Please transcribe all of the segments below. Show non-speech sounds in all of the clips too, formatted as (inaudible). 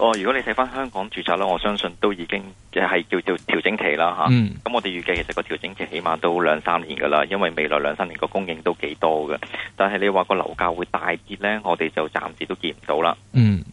哦，如果你睇翻香港住宅啦，我相信都已經係叫做調整期啦吓。咁、嗯啊、我哋預計其實個調整期起碼都兩三年噶啦，因為未來兩三年個供應都幾多嘅。但係你話個樓價會大跌呢，我哋就暫時都見唔到啦。嗯，誒、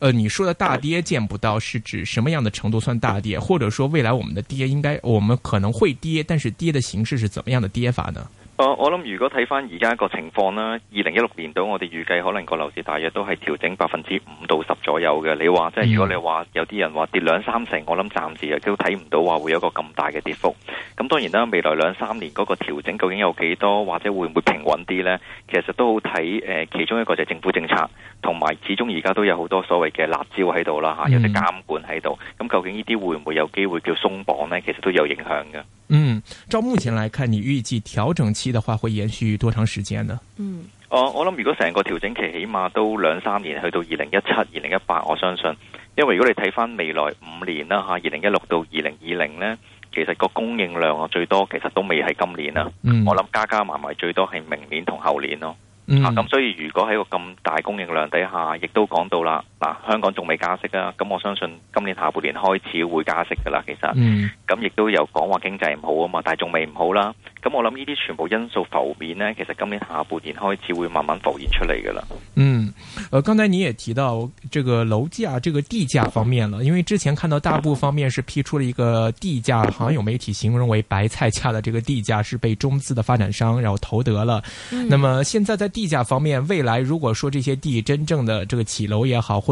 呃，你說嘅大跌見不到，是指什麼樣的程度算大跌？或者說未來我們的跌應該，我們可能會跌，但是跌的形式是怎麼樣的跌法呢？我我諗，如果睇翻而家一個情況啦，二零一六年度我哋預計可能個樓市大約都係調整百分之五到十左右嘅。你話即係如果你話有啲人話跌兩三成，我諗暫時亦都睇唔到話會有一個咁大嘅跌幅。咁當然啦，未來兩三年嗰個調整究竟有幾多，或者會唔會平穩啲呢？其實都好睇誒，其中一個就係政府政策，同埋始終而家都有好多所謂嘅辣招喺度啦吓，嗯、有啲監管喺度。咁究竟呢啲會唔會有機會叫鬆綁呢？其實都有影響嘅。嗯，照目前嚟看，你預計調整期的話會延續多長時間呢？嗯，哦，我諗，如果成個調整期，起碼都兩三年，去到二零一七、二零一八，我相信，因為如果你睇翻未來五年啦吓，二零一六到二零二零呢，其實個供應量啊最多，其實都未係今年啊。我諗加加埋埋最多係明年同後年咯。嗯，咁所以如果喺個咁大供應量底下，亦都講到啦。香港仲未加息啊，咁我相信今年下半年開始會加息噶啦，其實咁亦都有講話經濟唔好啊嘛，但係仲未唔好啦，咁我諗呢啲全部因素浮現咧其實今年下半年開始會慢慢浮現出嚟噶啦嗯，呃，剛才你也提到這個樓價、這個地價方面啦，因為之前看到大部方面是批出了一個地價，好像有媒體形容為白菜價的這個地價是被中資的發展商然後投得了。嗯、那麼現在在地價方面，未來如果說這些地真正的這個起樓也好，或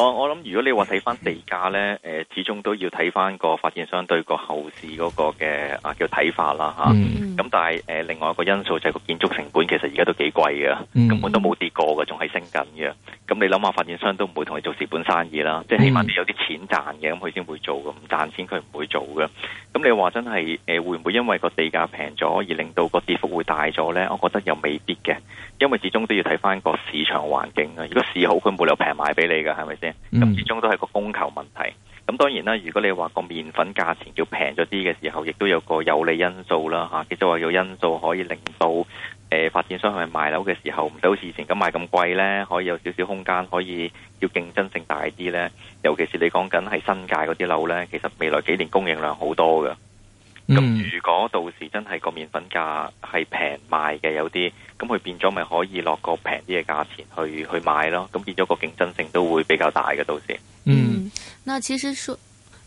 我我諗如果你話睇翻地價呢，誒始終都要睇翻個發展商對個後市嗰個嘅啊叫睇法啦吓。咁、啊 mm. 但係誒、呃、另外一個因素就係個建築成本，其實而家都幾貴噶，mm. 根本都冇跌過噶，仲係升緊嘅。咁你諗下，發展商都唔會同你做蝕本生意啦，即係起碼你有啲錢賺嘅，咁佢先會做噶，唔賺錢佢唔會做噶。咁你話真係誒會唔會因為個地價平咗而令到個跌幅會大咗呢？我覺得又未必嘅，因為始終都要睇翻個市場環境啊。如果市好，佢冇理由平賣俾你噶，係咪先？咁、嗯、始終都係個供求問題。咁當然啦，如果你話個面粉價錢叫平咗啲嘅時候，亦都有個有利因素啦，吓、啊。叫做話有因素可以令到誒、呃、發展商去賣樓嘅時候唔使好似以前咁賣咁貴呢，可以有少少空間，可以叫競爭性大啲呢。尤其是你講緊係新界嗰啲樓呢，其實未來幾年供應量好多噶。咁、嗯、如果到時真係個麵粉價係平賣嘅有啲，咁佢變咗咪可以落個平啲嘅價錢去去買咯，咁變咗個競爭性都會比較大嘅到時。嗯，嗯，那其實說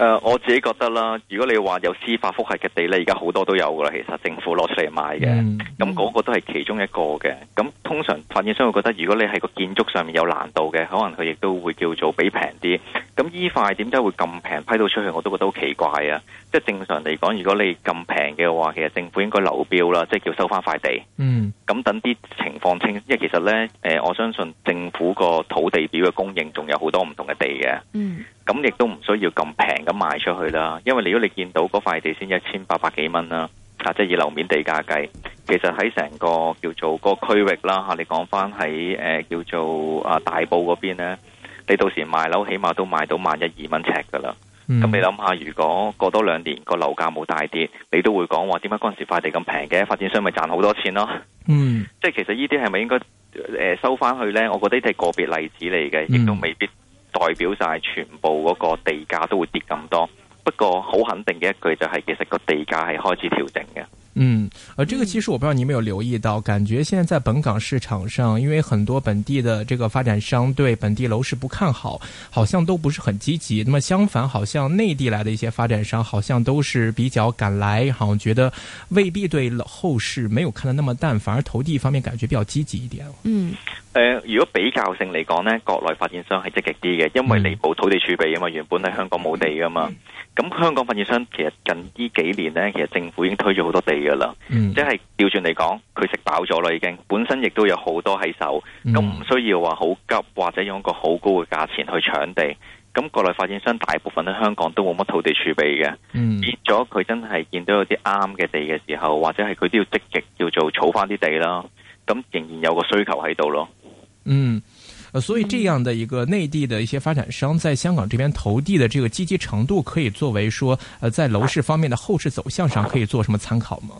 誒，uh, 我自己覺得啦，如果你話有司法覆核嘅地呢，而家好多都有噶啦，其實政府攞出嚟賣嘅，咁嗰、yeah. mm hmm. 個都係其中一個嘅。咁通常發展商會覺得，如果你係個建築上面有難度嘅，可能佢亦都會叫做俾平啲。咁依塊點解會咁平批到出去？我都覺得好奇怪啊！即係正常嚟講，如果你咁平嘅話，其實政府應該留標啦，即係叫收翻塊地。咁、mm hmm. 等啲情況清，因為其實呢，呃、我相信政府個土地表嘅供應仲有好多唔同嘅地嘅。Mm hmm. 咁亦都唔需要咁平咁賣出去啦，因為如果你見到嗰塊地先一千八百幾蚊啦，嚇，即係以樓面地價計，其實喺成個叫做個區域啦嚇，你講翻喺誒叫做啊大埔嗰邊咧，你到時賣樓起碼都賣到萬一二蚊尺噶啦。咁你諗下，如果過多兩年個樓價冇大跌，你都會講話點解嗰陣時塊地咁平嘅發展商咪賺好多錢咯？嗯，即係其實依啲係咪應該誒收翻去咧？我覺得呢啲係個別例子嚟嘅，亦都未必。代表晒全部嗰個地價都會跌咁多，不過好肯定嘅一句就係其實個地價係開始調整嘅。嗯，呃這個其實我不知道你有沒有留意到，嗯、感覺現在在本港市場上，因為很多本地的這個發展商對本地樓市不看好，好像都不是很積極。那麼相反，好像內地來的一些發展商，好像都是比較敢來，好像覺得未必對後市沒有看得那麼淡，反而投地方面感覺比較積極一點。嗯，呃如果比較性嚟講呢，國內發展商係積極啲嘅，因為你冇土地儲備啊嘛，原本喺香港冇地噶嘛，咁、嗯、香港發展商其實近呢幾年呢，其實政府已經推咗好多地。嘅啦，即係調轉嚟講，佢食飽咗啦，已經本身亦都有好多喺手，咁唔、嗯、需要話好急或者用一個好高嘅價錢去搶地。咁國內發展商大部分喺香港都冇乜土地儲備嘅，變咗佢真係見到有啲啱嘅地嘅時候，或者係佢都要積極要做儲返啲地啦。咁仍然有個需求喺度咯。嗯。所以這樣的一個內地的一些發展商在香港這邊投地的這個積極程度，可以作為說，在樓市方面的後市走向上可以做什麼參考嗎？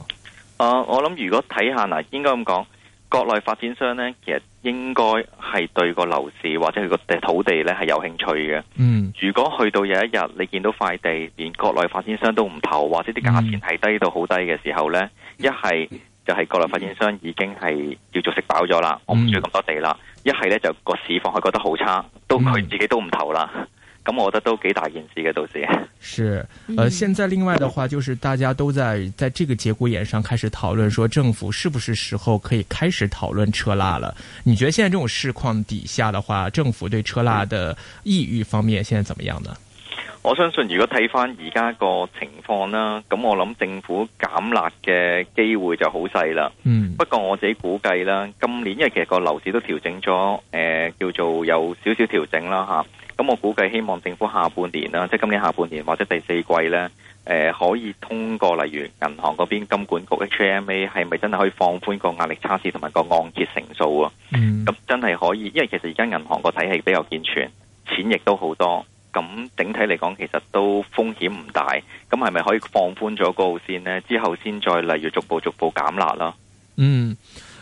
誒、呃，我諗如果睇下嗱，應該咁講，國內發展商呢，其實應該係對個樓市或者佢個土地呢係有興趣嘅。嗯，如果去到有一日你見到塊地連國內發展商都唔投，或者啲價錢係低到好低嘅時候呢，一係、嗯、就係、是、國內發展商已經係叫做食飽咗啦，我唔要咁多地啦。一係呢，就個市況係覺得好差，都佢自己都唔投啦。咁、嗯、 (laughs) 我覺得都幾大件事嘅到時。是，呃，嗯、現在另外的話，就是大家都在在這個節骨眼上開始討論，說政府是不是時候可以開始討論撤辣了？你覺得現在這種市況底下的話，政府對撤辣的意欲方面，現在怎麼樣呢？我相信如果睇翻，而家個情況啦，咁我諗政府減辣嘅機會就好細啦。嗯，不過我自己估計啦，今年因為其實個樓市都調整咗，誒、呃、叫做有少少調整啦吓。咁、啊、我估計希望政府下半年啦，即係今年下半年或者第四季呢，誒、呃、可以通過例如銀行嗰邊金管局 HMA 係咪真係可以放寬個壓力測試同埋個按揭成數啊？嗯，咁真係可以，因為其實而家銀行個體系比較健全，錢亦都好多。咁整體嚟講，其實都風險唔大。咁係咪可以放寬咗個路線呢？之後先再例如逐步逐步減辣啦。嗯，誒、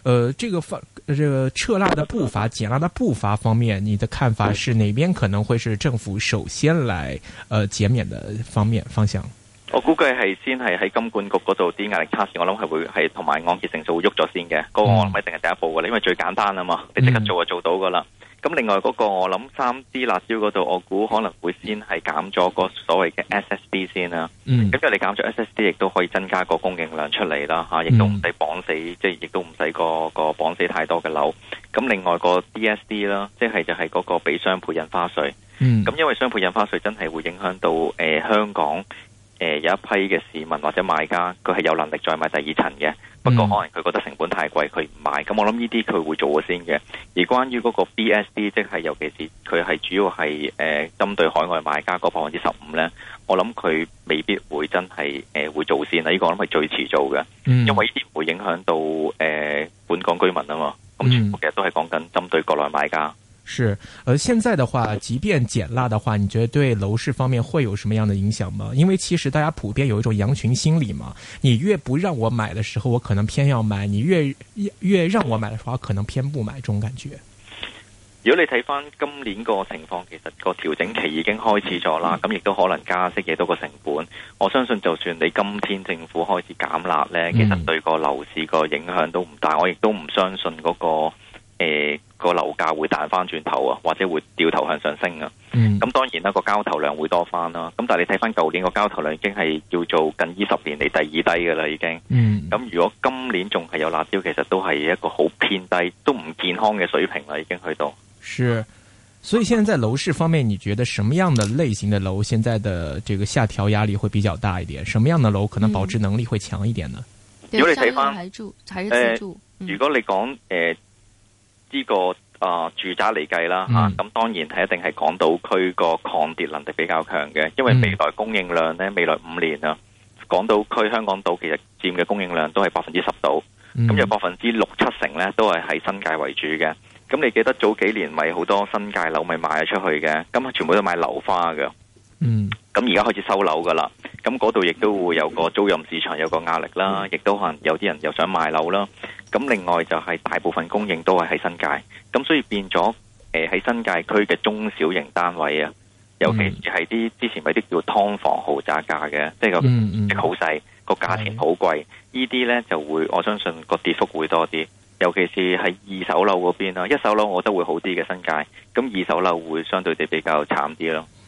呃，這個放，這個、撤辣的步伐、減辣的步伐方面，你的看法是哪邊可能會是政府首先來，呃、減免的方面方向？我估計係先係喺金管局嗰度啲壓力測試，我想是，我諗係會係同埋按揭成數喐咗先嘅。嗰、那個我諗一定係第一步嘅，哦、因為最簡單啊嘛，你即刻做就做到噶啦。嗯。咁另外嗰個我諗三 D 辣招嗰度，我估可能會先係減咗個所謂嘅 SSD 先啦、啊。咁、嗯、因為你減咗 SSD，亦都可以增加個供應量出嚟啦、啊，亦都唔使綁死，嗯、即係亦都唔使個、嗰個綁死太多嘅樓。咁另外個 DSD 啦，即係就係、係、嗰個俾雙倍印花稅。咁、嗯、因為雙倍印花稅真係會影響到、呃、香港。誒、呃、有一批嘅市民或者買家，佢係有能力再買第二層嘅，不過可能佢覺得成本太貴，佢唔買。咁我諗呢啲佢會做先嘅。而關於嗰個 B S D，即係尤其是佢係主要係誒、呃、針對海外買家嗰百分之十五呢，我諗佢未必會真係誒、呃、會做先啦。呢、呢個我諗係最遲做嘅，嗯、因為呢啲唔會影響到誒、呃、本港居民啊嘛。咁全部其實都係講緊針對國內買家。是，而、呃、現在的話，即便減辣的話，你覺得對樓市方面會有什麼樣的影響嗎？因為其實大家普遍有一種羊群心理嘛，你越不讓我買的時候，我可能偏要買；你越越，越讓我買的話，我可能偏不買，這種感覺。如果你睇翻今年個情況，其實個調整期已經開始咗啦，咁亦都可能加息嘅多個成本。我相信就算你今天政府開始減辣呢，其實對個樓市個影響都唔大。我亦都唔相信嗰、那個。誒、個、呃、樓價會彈翻轉頭啊，或者會掉頭向上升啊。咁、嗯、當然啦，個交投量會多翻啦。咁但係你睇翻舊年個交投量已經係叫做近二十年嚟，第二低噶啦，已經。咁、嗯、如果今年仲係有辣招，其實都係一個好偏低，都唔健康嘅水平啦，已經去到。是，所以現在在樓市方面，你覺得什麼樣的類型的樓現在的這個下調壓力會比較大一點？什麼樣的樓可能保值能力會強一點呢？嗯嗯、如果你睇翻、呃，如果你講誒。呃呢個啊住宅嚟計啦嚇，咁當然係一定係港島區個抗跌能力比較強嘅，因為未來供應量咧未來五年啊，港島區香港島其實佔嘅供應量都係百分之十度，咁有百分之六七成咧都係喺新界為主嘅。咁你記得早幾年咪好多新界樓咪賣咗出去嘅，咁啊全部都賣樓花嘅，嗯，咁而家開始收樓噶啦。咁嗰度亦都會有個租賃市場有個壓力啦，亦都可能有啲人又想買樓啦。咁另外就係大部分供應都係喺新界，咁所以變咗誒喺新界區嘅中小型單位啊，尤其是係啲之前咪啲叫劏房豪宅價嘅，mm hmm. 即係個好細個價錢好貴，mm hmm. 這些呢啲呢就會我相信個跌幅會多啲，尤其是喺二手樓嗰邊啦，啊，一手樓我覺得會好啲嘅新界，咁二手樓會相對地比較慘啲咯。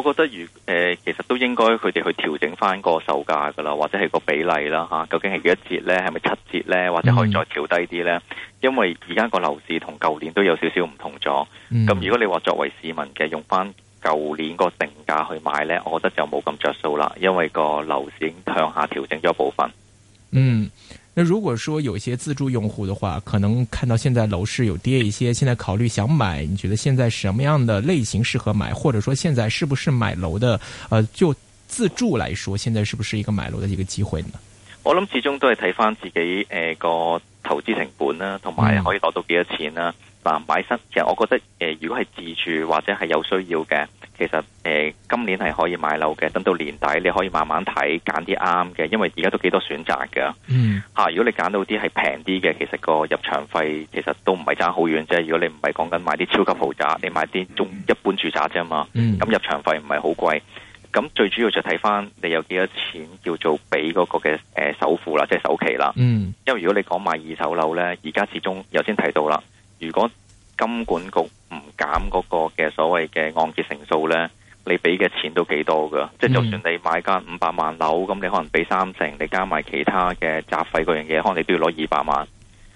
我覺得，如、呃、誒，其實都應該佢哋去調整翻個售價噶啦，或者係個比例啦嚇、啊，究竟係幾多折呢？係咪七折呢？或者可以再調低啲呢？因為而家個樓市同舊年都有少少唔同咗。咁、嗯、如果你話作為市民嘅用翻舊年個定價去買呢，我覺得就冇咁着數啦，因為個樓市已經向下調整咗部分。嗯。那如果說有些自住用戶的話，可能看到現在樓市有跌一些，現在考慮想買，你覺得現在什麼樣的類型適合買，或者說現在是不是買樓的？呃，就自住來說，現在是不是一個買樓的一個機會呢？我諗始終都係睇返自己誒個、呃、投資成本啦，同埋可以攞到幾多錢啦。嗯嗱，買新其實我覺得，誒、呃，如果係自住或者係有需要嘅，其實，誒、呃，今年係可以買樓嘅。等到年底你可以慢慢睇，揀啲啱嘅，因為而家都幾多選擇㗎嗯。吓、mm. 啊，如果你揀到啲係平啲嘅，其實個入場費其實都唔係差好遠啫。如果你唔係講緊買啲超級豪宅，你買啲中一般住宅啫嘛。咁、mm. 入場費唔係好貴，咁最主要就睇翻你有幾多錢叫做俾嗰個嘅誒首付啦，即、就、係、是、首期啦。嗯。Mm. 因為如果你講買二手樓咧，而家始終頭先提到啦。如果金管局唔減嗰個嘅所謂嘅按揭成數呢，你俾嘅錢都幾多噶？即係、嗯、就算你買間五百萬樓，咁你可能俾三成，你加埋其他嘅雜費嗰樣嘢，可能你都要攞二百萬。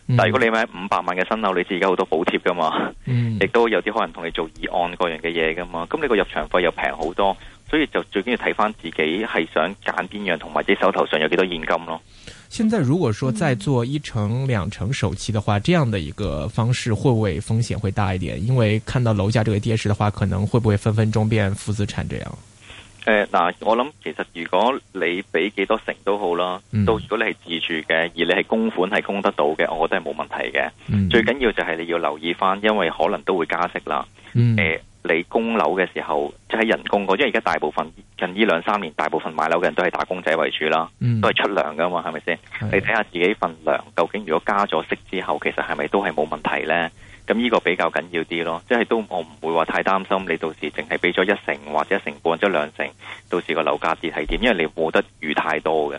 嗯、但如果你買五百萬嘅新樓，你自己好多補貼噶嘛，亦、嗯、都有啲可能同你做二按嗰樣嘅嘢噶嘛。咁你個入場費又平好多，所以就最緊要睇返自己係想揀邊樣，同埋自己手頭上有幾多現金咯。現在如果說再做一成兩成首期的話，嗯、這樣的一個方式會唔會風險會大一點，因為看到樓價這個跌勢的話，可能會不會分分鐘變負資產這樣？誒，嗱，我諗其實如果你俾幾多成都好啦，嗯、到如果你係自住嘅，而你係供款係供得到嘅，我覺得係冇問題嘅。嗯、最緊要就係你要留意翻，因為可能都會加息啦。誒、嗯。呃你供樓嘅時候，即係人工嗰，因為而家大部分近呢兩三年，大部分買樓嘅人都係打工仔為主啦，嗯、都係出糧噶嘛，係咪先？是的 你睇下自己份糧究竟，如果加咗息，息之後，其實係咪都係冇問題呢？咁、這、呢個比較緊要啲咯，即係都我唔會話太擔心，你到時淨係俾咗一成或者一成半，即係兩成，到時個樓價跌係點？因為你冇得預太多嘅。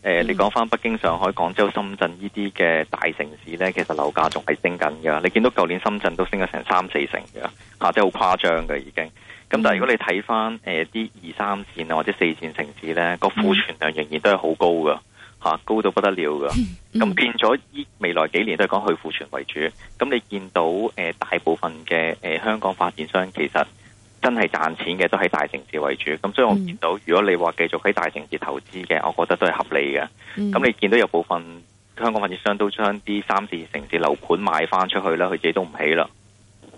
誒，嗯、你講翻北京、上海、廣州、深圳呢啲嘅大城市呢，其實樓價仲係升緊㗎。你見到舊年深圳都升咗成三四成㗎，嚇、啊，真係好誇張㗎已經。咁、啊、但係如果你睇翻啲二三線或者四線城市呢，個庫存量仍然都係好高㗎、啊，高到不得了㗎。咁變咗依未來幾年都係講去庫存為主。咁你見到、呃、大部分嘅、呃、香港發展商其實。真係賺錢嘅都喺大城市為主，咁所以我見到、嗯、如果你話繼續喺大城市投資嘅，我覺得都係合理嘅。咁、嗯、你見到有部分香港發展商都將啲三四城市樓盤賣翻出去啦，佢自己都唔起啦。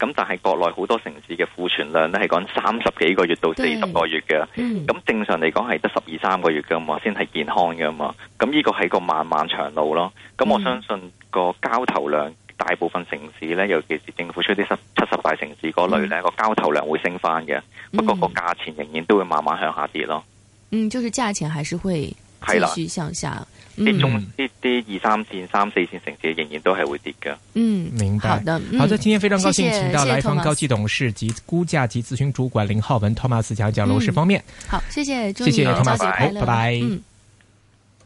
咁但係國內好多城市嘅庫存量咧係講三十幾個月到四十個月嘅，咁、嗯、正常嚟講係得十二三個月噶嘛，先係健康噶嘛。咁呢個係個漫漫長路咯。咁、嗯、我相信個交投量，大部分城市咧，尤其是政府出啲七十大城市嗰類咧，個、嗯、交投量會升翻嘅。嗯、不過個價錢仍然都會慢慢向下跌咯。嗯，就是價錢還是會係啦，繼續向下。啲中啲啲二三線三四線城市仍然都係會跌噶。嗯，明白。好的，好的。今天非常高興請到萊坊高級董事及估價及諮詢主管林浩文 Thomas，講講樓市方面。好，謝謝，謝謝 Thomas。好，拜拜。